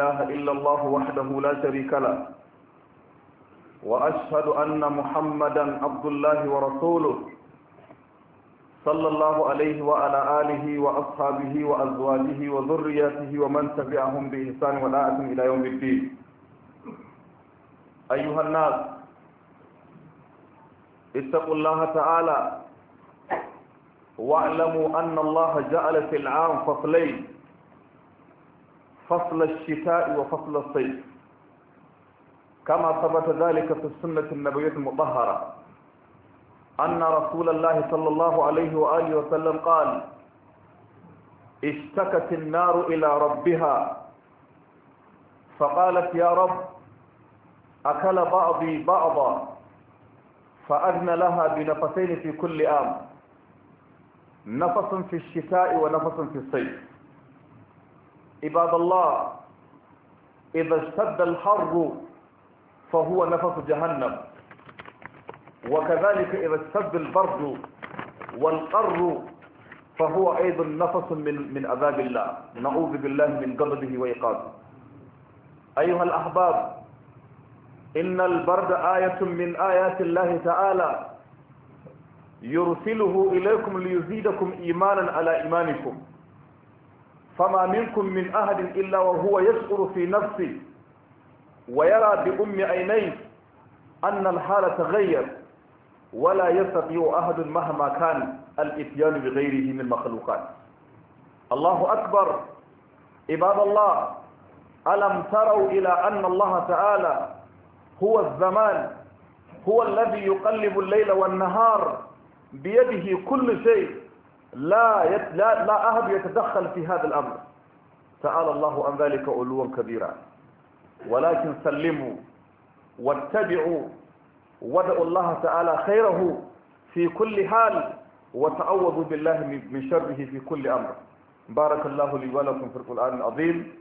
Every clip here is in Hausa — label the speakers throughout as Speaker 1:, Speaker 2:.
Speaker 1: إله إلا الله وحده لا شريك له وأشهد أن محمدا عبد الله ورسوله صلى الله عليه وعلى آله وأصحابه وأزواجه وذرياته ومن تبعهم بإحسان ولاءة إلى يوم الدين أيها الناس اتقوا الله تعالى واعلموا أن الله جعل في العام فصلين فصل الشتاء وفصل الصيف كما ثبت ذلك في السنة النبوية المطهرة أن رسول الله صلى الله عليه وآله وسلم قال اشتكت النار إلى ربها فقالت يا رب أكل بعضي بعضا فأذن لها بنفسين في كل آم نفس في الشتاء ونفس في الصيف عباد الله إذا اشتد الحر فهو نفس جهنم وكذلك إذا اشتد البرد والقر فهو أيضا نفس من من عذاب الله نعوذ بالله من قبضه وإيقاظه أيها الأحباب إن البرد آية من آيات الله تعالى يرسله إليكم ليزيدكم إيمانا على إيمانكم فما منكم من أحد إلا وهو يشعر في نفسه ويرى بأم عينيه أن الحال تغير ولا يستطيع أحد مهما كان الإتيان بغيره من المخلوقات الله أكبر عباد الله ألم تروا إلى أن الله تعالى هو الزمان هو الذي يقلب الليل والنهار بيده كل شيء لا, يت... لا, لا أحد يتدخل في هذا الأمر تعالى الله عن ذلك علوا كبيرا ولكن سلموا واتبعوا وادعوا الله تعالى خيره في كل حال وتعوذوا بالله من شره في كل أمر بارك الله لي ولكم في القرآن العظيم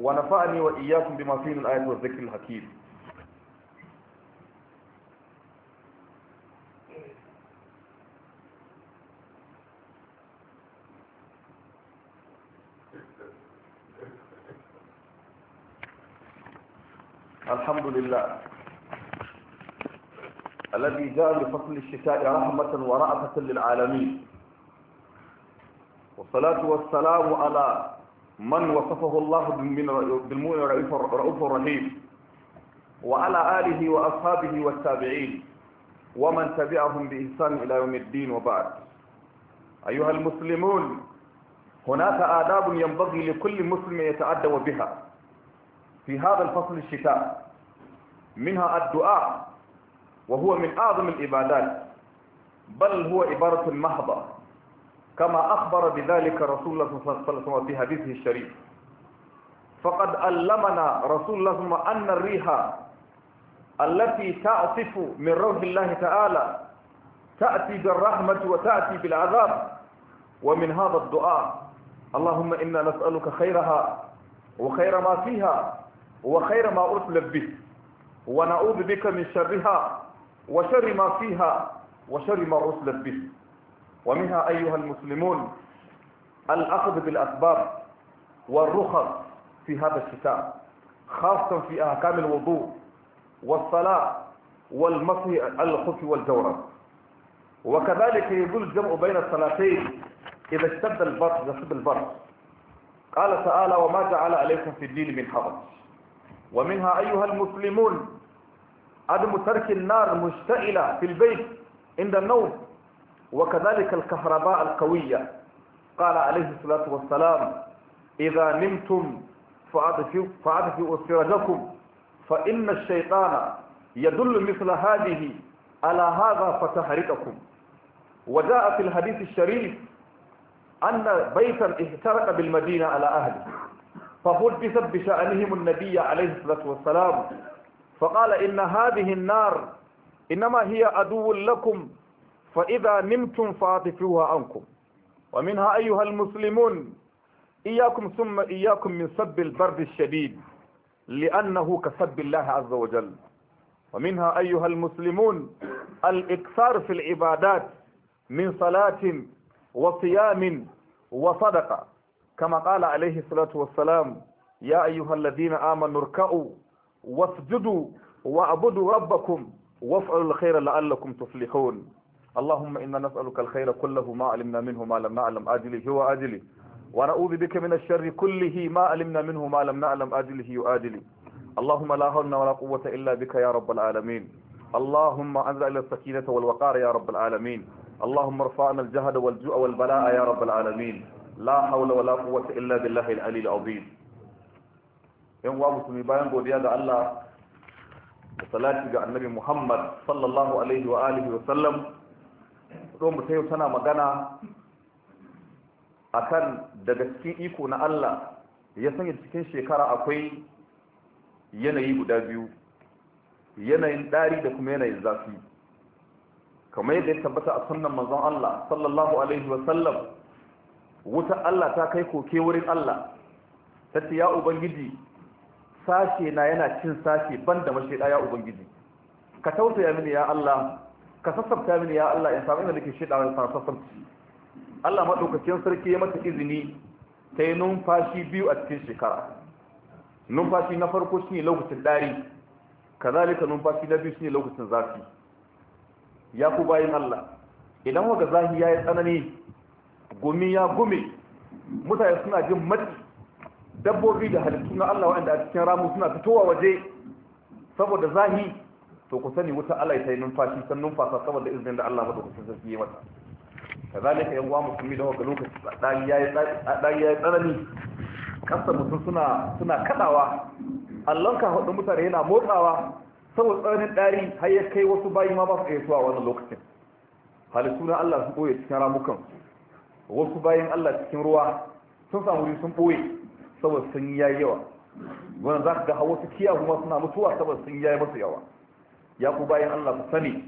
Speaker 1: ونفعني وإياكم بما فيه الآيات والذكر الحكيم الحمد لله الذي جاء بفصل الشتاء رحمة ورأفة للعالمين والصلاة والسلام على من وصفه الله بالمؤمن رؤوف الرحيم وعلى آله وأصحابه والتابعين ومن تبعهم بإحسان إلى يوم الدين وبعد أيها المسلمون هناك آداب ينبغي لكل مسلم يتأدب بها في هذا الفصل الشتاء منها الدعاء وهو من أعظم العبادات بل هو عبارة محضة كما أخبر بذلك رسول الله صلى الله عليه وسلم في حديثه الشريف فقد علمنا رسول الله صلى الله عليه وسلم أن الريح التي تعطف من روح الله تعالى تأتي بالرحمة وتأتي بالعذاب ومن هذا الدعاء اللهم إنا نسألك خيرها وخير ما فيها وخير ما أرسلت به ونعوذ بك من شرها وشر ما فيها وشر ما أرسلت به ومنها أيها المسلمون الأخذ بالأسباب والرخص في هذا الشتاء خاصة في أحكام الوضوء والصلاة والمصي الخف والجورب وكذلك يجوز الجمع بين الصلاتين إذا اشتد البرد إذا اشتد البرد قال تعالى وما جعل عليكم في الدين من حرج ومنها أيها المسلمون عدم ترك النار مشتعلة في البيت عند النوم وكذلك الكهرباء القوية قال عليه الصلاة والسلام إذا نمتم فأدفئوا سرجكم فإن الشيطان يدل مثل هذه على هذا فتحرقكم وجاء في الحديث الشريف أن بيتا اهترق بالمدينة على أهله فحدث بشأنهم النبي عليه الصلاة والسلام فقال إن هذه النار إنما هي عدو لكم فإذا نمتم فاطفوها عنكم ومنها أيها المسلمون إياكم ثم إياكم من سب البرد الشديد لأنه كسب الله عز وجل ومنها أيها المسلمون الإكثار في العبادات من صلاة وصيام وصدق كما قال عليه الصلاة والسلام يا أيها الذين آمنوا اركعوا واسجدوا واعبدوا ربكم وافعلوا الخير لعلكم تفلحون اللهم إنا نسألك الخير كله ما علمنا منه ما لم نعلم آجله وآجله ونعوذ بك من الشر كله ما علمنا منه ما لم نعلم آجله وآجله اللهم لا حول ولا قوة إلا بك يا رب العالمين اللهم أنزل السكينة والوقار يا رب العالمين اللهم ارفعنا الجهد والجوع والبلاء يا رب العالمين لا حول ولا قوة إلا بالله العلي العظيم yan wa musulmi bayan godiya ga Allah da ga annabi Muhammad sallallahu alaihi wa alihi wa sallam don mu tayo tana magana akan daga cikin iko na Allah ya sanya cikin shekara akwai yanayi guda biyu yanayin dari da kuma yanayin zafi kamar yadda ya tabbata a sunnan manzon Allah sallallahu alaihi wa sallam wuta Allah ta kai koke wurin Allah tace ya ubangiji sashe na yana cin sashe banda mashi ya ubangiji ka tausaya mini ya Allah ka sassafta mini ya Allah in samu inda nake shida wani sa sassafci Allah madaukakin sarki ya mata izini ta yi numfashi biyu a cikin shekara numfashi na farko shine lokacin dari kazalika numfashi na biyu shine lokacin zafi ya ku bayin Allah idan waga zahi ya yi tsanani gumi ya gumi, mutane suna jin mati dabbobi da halittu na Allah waɗanda a cikin ramu suna fitowa waje saboda zahi to ku sani wuta Allah ya yi numfashi san numfasa saboda izinin da Allah madaukakin sarki ya mata kazalika yan uwa musulmi da waga lokaci tsari ya yi tsanani kasa mutum suna suna kadawa allon ka hudu mutane yana motsawa saboda tsananin ɗari har ya kai wasu bayi ma ba su iya zuwa wannan lokacin halittu na Allah sun ɓoye cikin ramukan wasu bayan Allah cikin ruwa sun samu wuri sun ɓoye saboda sun yi yawa Wani za ka ga wasu kiya kuma suna mutuwa saboda sun yi masu yawa ya ku bayan Allah ku sani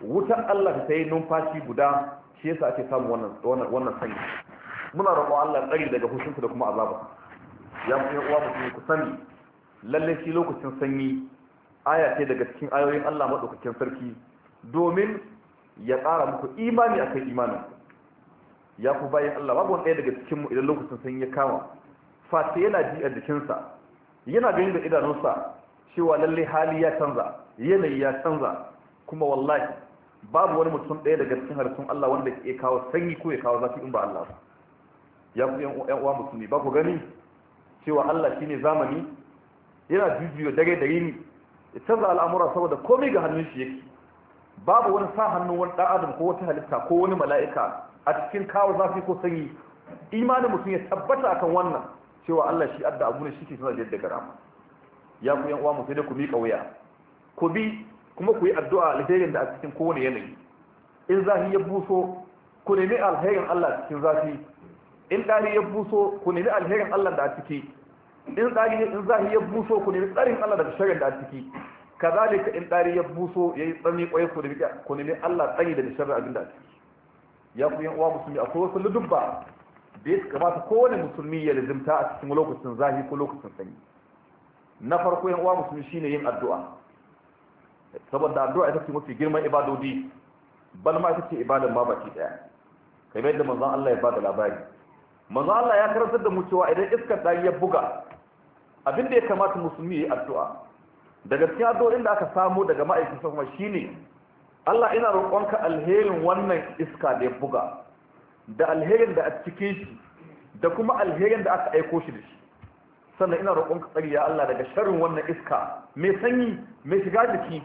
Speaker 1: wutan Allah ta yi numfashi guda shi yasa ake samu wannan wannan sanyi muna roƙo Allah tsari daga hushinsa da kuma azaba ya ku uwa mutum ku sani Lallai shi lokacin sanyi aya ce daga cikin ayoyin Allah maɗaukakin sarki domin ya ƙara muku imani a kan imanin ya ku bayan Allah babu wani ɗaya daga mu idan lokacin sun ya kama fata yana ji a jikinsa yana gani da idanunsa cewa lalle hali ya canza yanayi ya canza kuma wallahi babu wani mutum ɗaya daga cikin harsun Allah wanda ke kawo sanyi ko ya kawo zafi in ba Allah ba ya ku yan uwa musulmi ba ku gani cewa Allah shine zamani yana jujuyo dare da ya canza al'amura saboda komai ga hannun shi yake babu wani sa hannun wani ɗan adam ko wata halitta ko wani mala'ika a cikin kawo zafi ko sanyi imanin mutum ya tabbata akan wannan cewa Allah shi adda abu ne shi ke sanar da yadda gara ya ku yan uwa mu sai dai ku miƙa wuya ku bi kuma ku yi addu'a alherin da a cikin kowane yanayi in zafi ya buso ku nemi alherin Allah cikin zafi in ɗari ya buso ku nemi alherin Allah da a ciki in tsari in zahi ya buso ku nemi tsarin Allah daga shagar da a ciki kazalika in dari ya buso yayi tsani kwaye ku da ku nemi Allah tsani da misarar abinda ake ya ku yan uwa musulmi akwai wasu ludubba da ya kamata kowane musulmi ya lazimta a cikin lokacin zafi ko lokacin sanyi na farko yan uwa musulmi shine yin addu'a saboda addu'a ita ce mafi girman ibadodi bal ma ita ce ibadan ma baki daya kamar yadda manzon Allah ya bada labari manzon Allah ya karantar da mu cewa idan iskar dan ya buga abin da ya kamata musulmi ya yi addu'a daga cikin addu'o'in da aka samu daga ma'aikatan kuma shine Allah ina roƙonka alherin wannan iska da ya buga da alherin da a cikin shi da kuma alherin da aka aiko shi da shi sannan ina roƙonka tsari ya Allah daga sharrin wannan iska mai sanyi mai shiga jiki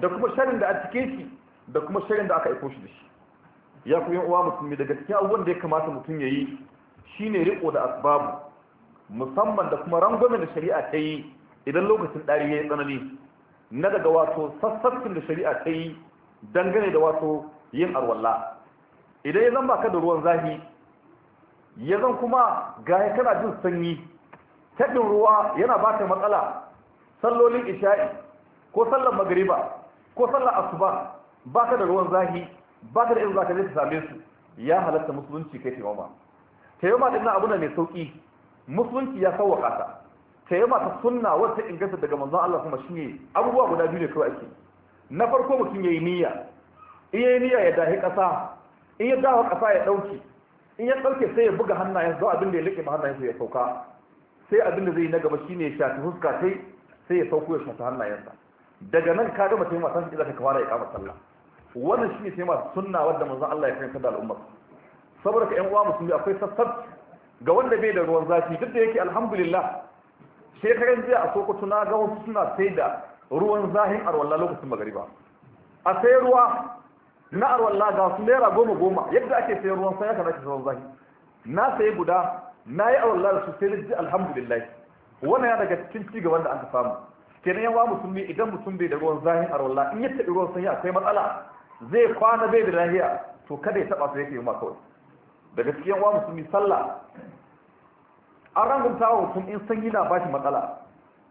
Speaker 1: da kuma sharrin da a cikin shi da kuma sharrin da aka aiko shi da shi ya ku yin uwa musulmi daga cikin abubuwan da ya kamata mutum ya yi shine riƙo da asbabu musamman da kuma rangwamen da shari'a ta yi idan lokacin ɗari ya yi tsanani na daga wato sassafin da shari'a ta yi dangane da wato yin arwalla idan ya zan baka da ruwan zahi, ya zan kuma gaya kana jin sanyi taɗin ruwa yana ba ta matsala sallolin isha'i ko sallar magariba ko sallar asuba baka da ruwan zafi baka da irin zaka ta ka same su ya halatta musulunci kai taimama taimama ɗin na abu ne mai sauƙi? musulunci ya sauwaka ta tayyama ta sunna wata inganta daga manzon Allah kuma ne abubuwa guda biyu ne kawai ake na farko mutum yi niyya in yi niyya ya dahi kasa in ya dawo kasa ya dauki in ya ɗauke sai ya buga hannayen zuwa abin da ya liƙe ma hannayen ya sauka sai abin da zai yi na gaba shi ne ya shafi huska sai sai ya sauko ya shafi hannayensa daga nan ka gama taimaka sun idan ka fara ya kama sallah wannan shi ne taimaka sunna wanda manzon Allah ya kai da al'umma saboda ka ƴan uwa musulmi akwai sassan. ga wanda bai da ruwan zafi duk da yake alhamdulillah shekaran jiya a sokoto na ga wasu suna sai da ruwan zahin arwallah lokacin magariba a sai ruwa na arwallah ga su naira goma goma yadda ake sai ruwan sai kana nake ruwan zahi na sayi guda na yi arwallah da su sai ji alhamdulillah wannan ya daga cikin ci gaban da aka samu kenan yawa musulmi idan mutum bai da ruwan zahin arwallah in ya taɓi ruwan sanyi akwai matsala zai kwana bai da lahiya to kada ya taɓa sai yake yi ma kawai daga cikin yawa musulmi sallah an rangunta wa mutum in sanyi na bashi matsala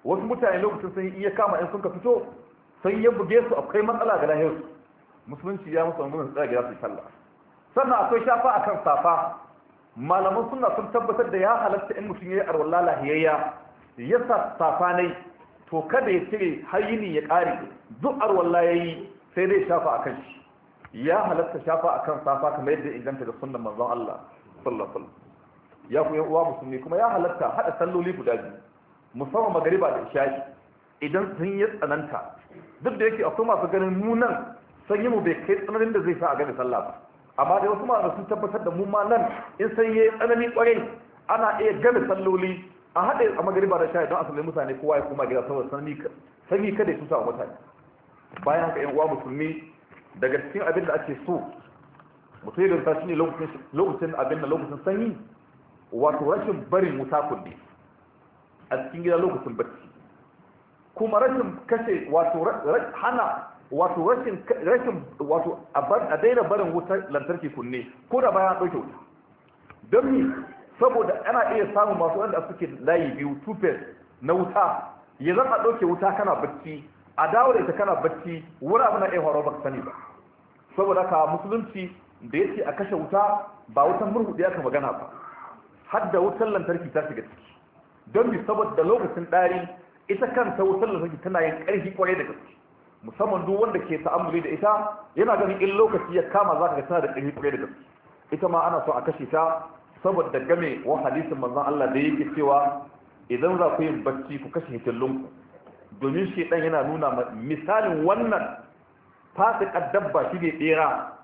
Speaker 1: wasu mutane lokacin sanyi iya kama in sun ka fito sanyi ya buge su akwai matsala ga lahiyar musulunci ya musu wani tsira gida su talla. sannan akwai shafa akan safa malaman suna sun tabbatar da ya halatta in mutum ya yi arwala lahiyayya ya sa safa ne to kada ya cire hayini ya kare duk arwala ya yi sai dai shafa akan shi ya halatta shafa akan safa kamar yadda inganta da sunan manzon Allah sallallahu alaihi wasallam ya ku uwa musulmi kuma ya halatta hada salloli guda biyu musamman magariba da isha'i idan sun yi tsananta duk da yake akwai masu ganin mu nan yi mu bai kai tsananin da zai sa a gani sallah ba amma da wasu malamai sun tabbatar da mu ma nan in san ya tsanani kwarai ana iya gani salloli a haɗe a magariba da isha'i don a sallai mutane kowa ya koma gida saboda sanyi kada ya tusa wa mutane bayan haka yan uwa musulmi daga cikin abin da ake so mutum ya ta shi ne lokacin abin da lokacin sanyi wato rashin barin wuta kunne a cikin gida lokacin bacci kuma rashin kashe wato hana wato rashin rashin wato a daina barin wutar lantarki kunne ko da bayan ɗauke wuta don ni saboda ana iya samun masu wanda suke layi biyu tupes na wuta ya zan a ɗauke wuta kana bacci a dawo da ita kana bacci wani abu na iya horo ba sani ba saboda ka musulunci da ya ce a kashe wuta ba wutan murhu da ka magana ba hadda wutar lantarki ta shiga ciki don bi saboda lokacin ɗari ita kanta wutar lantarki tana yin ƙarfi kwarai da gaske musamman duk wanda ke ta'ammuli da ita yana ganin in lokaci ya kama za ka tana da ƙarfi kwarai da gaske ita ma ana so a kashe ta saboda game wa hadisin manzon Allah da yake cewa idan za ku yin bacci ku kashe hitillunku domin shedan yana nuna misalin wannan fasikar dabba shi ne bera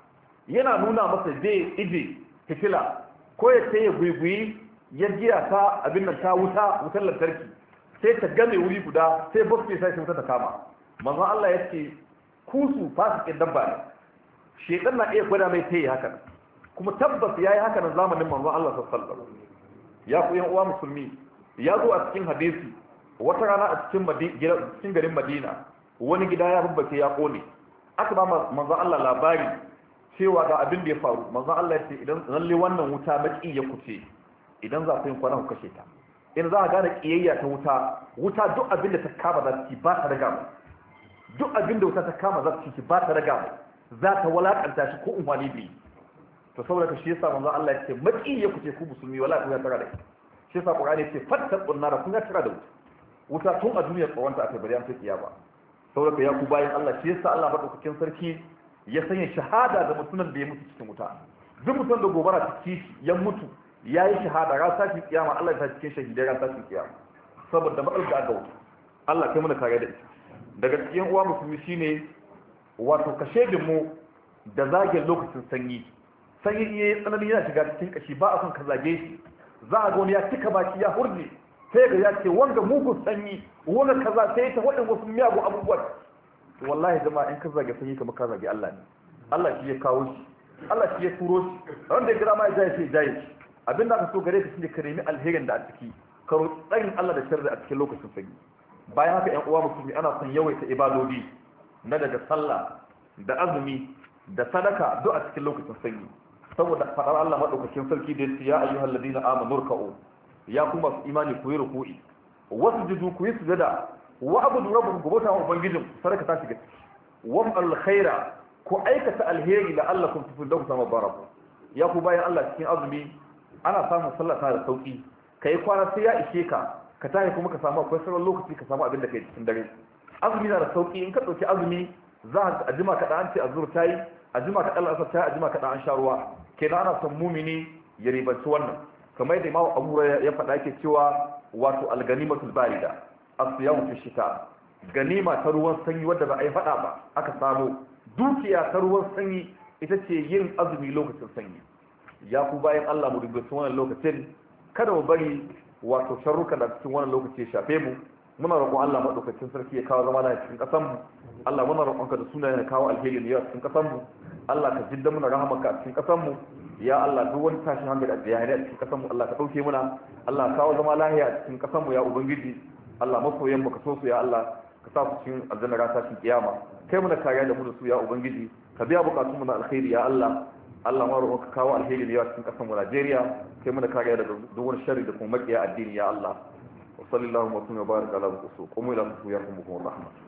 Speaker 1: yana nuna masa zai ije fitila. ko ya sai ya guiguyi ya giya ta abin nan ta wuta wutar lantarki sai ta game wuri guda sai bus sai sai wuta ta kama manzo Allah ya ce kusu fasikin dabba ne shedan na iya gwada mai sai haka kuma tabbas yayi haka nan zamanin manzo Allah sallallahu alaihi wasallam ya ku yan uwa musulmi ya zo a cikin hadisi wata rana a cikin garin Madina wani gida ya bubbace ya kone aka ba manzo Allah labari cewa ga abin da ya faru manzon Allah ya ce idan lalle wannan wuta baki ya kuce idan za ku yin kwana ku kashe ta in za a gane kiyayya ta wuta wuta duk abin da ta kama za ki ba ta raga mu duk abin da wuta ta kama za ki ba ta raga mu za ta walakanta shi ko umwani bi to saboda shi yasa manzon Allah ya ce maki ya kuce ku musulmi wala ku ya tara da shi yasa Qur'ani ya ce fattaqun nar kun ya tara da wuta wuta tun a duniya tsawonta a bari an ta kiyaba saboda ya ku bayan Allah shi yasa Allah madaukakin sarki ya sanya shahada da mutumin da ya mutu cikin wuta duk mutum da gobara ta kishi ya mutu ya yi shahada ra sashin kiyama Allah ya cikin shahidai ra sashin kiyama saboda matsar da aka wuta Allah kai mana kare da ita daga cikin uwa musulmi ne wato kashe da mu da zagin lokacin sanyi sanyi in yayi tsanani yana shiga cikin kashi ba a son ka zage shi za a ga ya cika baki ya hurje sai ga ya ce wanga mugun sanyi wanga kaza sai ta waɗin wasu miyagun abubuwa wallahi jama'a in ka zage sanyi kamar ka zage Allah ne Allah shi ya kawo shi Allah shi ya turo shi wanda ya ma ya jaye sai jaye abinda aka so gare ka ne ka nemi alherin da a ciki ka roƙi Allah da sharri a cikin lokacin sanyi bayan haka ƴan uwa musulmi ana son yawaita ibadodi na daga sallah da azumi da sadaka duk a cikin lokacin sanyi saboda faɗar Allah maɗaukakin sarki da yace ya ayyuhal ladina amanu ruk'u ya kuma su imani ku yi ruku'i wasu jidu ku yi sujada wa abu abudu rabbun ku bauta wa ubangijin sadaka ta shiga wa alkhaira ku aikata alheri la Allah kun tufu da ku samu barabu ya ku bayan Allah cikin azumi ana samun sallah ta da sauki kai kwana sai ya ishe ka ka tashi kuma ka samu akwai sauran lokaci ka samu abin da kai cikin dare azumi na da sauki in ka dauki azumi za ka ajima ka dan ce azur tayi ajima ka Allah asar tayi ajima ka dan sharuwa. ruwa kenan ana son mumini ya ribanci wannan kamar yadda Imam Abu ya faɗa yake cewa wato al-ganimatul barida asiyamu fi shita ganima ta ruwan sanyi wadda ba a yi faɗa ba aka samu dukiya ta ruwan sanyi ita ce yin azumi lokacin sanyi ya ku bayan Allah mu dubi wannan lokacin kada mu bari wato sharruka da cikin wannan lokaci ya shafe mu muna roƙon Allah madaukakin sarki ya kawo zama na cikin ƙasar mu Allah muna ka da sunayen ya kawo alheri ne a cikin ƙasar mu Allah ka jidda muna rahamarka a cikin ƙasar mu ya Allah duk wani tashi hankali a jihari a cikin ƙasar mu Allah ka ɗauke muna Allah kawo zama lahiya a cikin ƙasar mu ya ubangiji Allah masoyan mu so su ya Allah ka sa su cikin aljanna ran tashin kiyama kai mu na kariya da mu da su ya ubangiji ka biya bukatun mu na alkhairi ya Allah Allah ma roƙon ka kawo alheri da yawa cikin ƙasar mu Najeriya kai mu na kariya daga duk wani sharri da kuma maƙiya addini ya Allah wa sallallahu wa sallam wa baraka ala rasul qumu ila rasul yarhamukum rahmah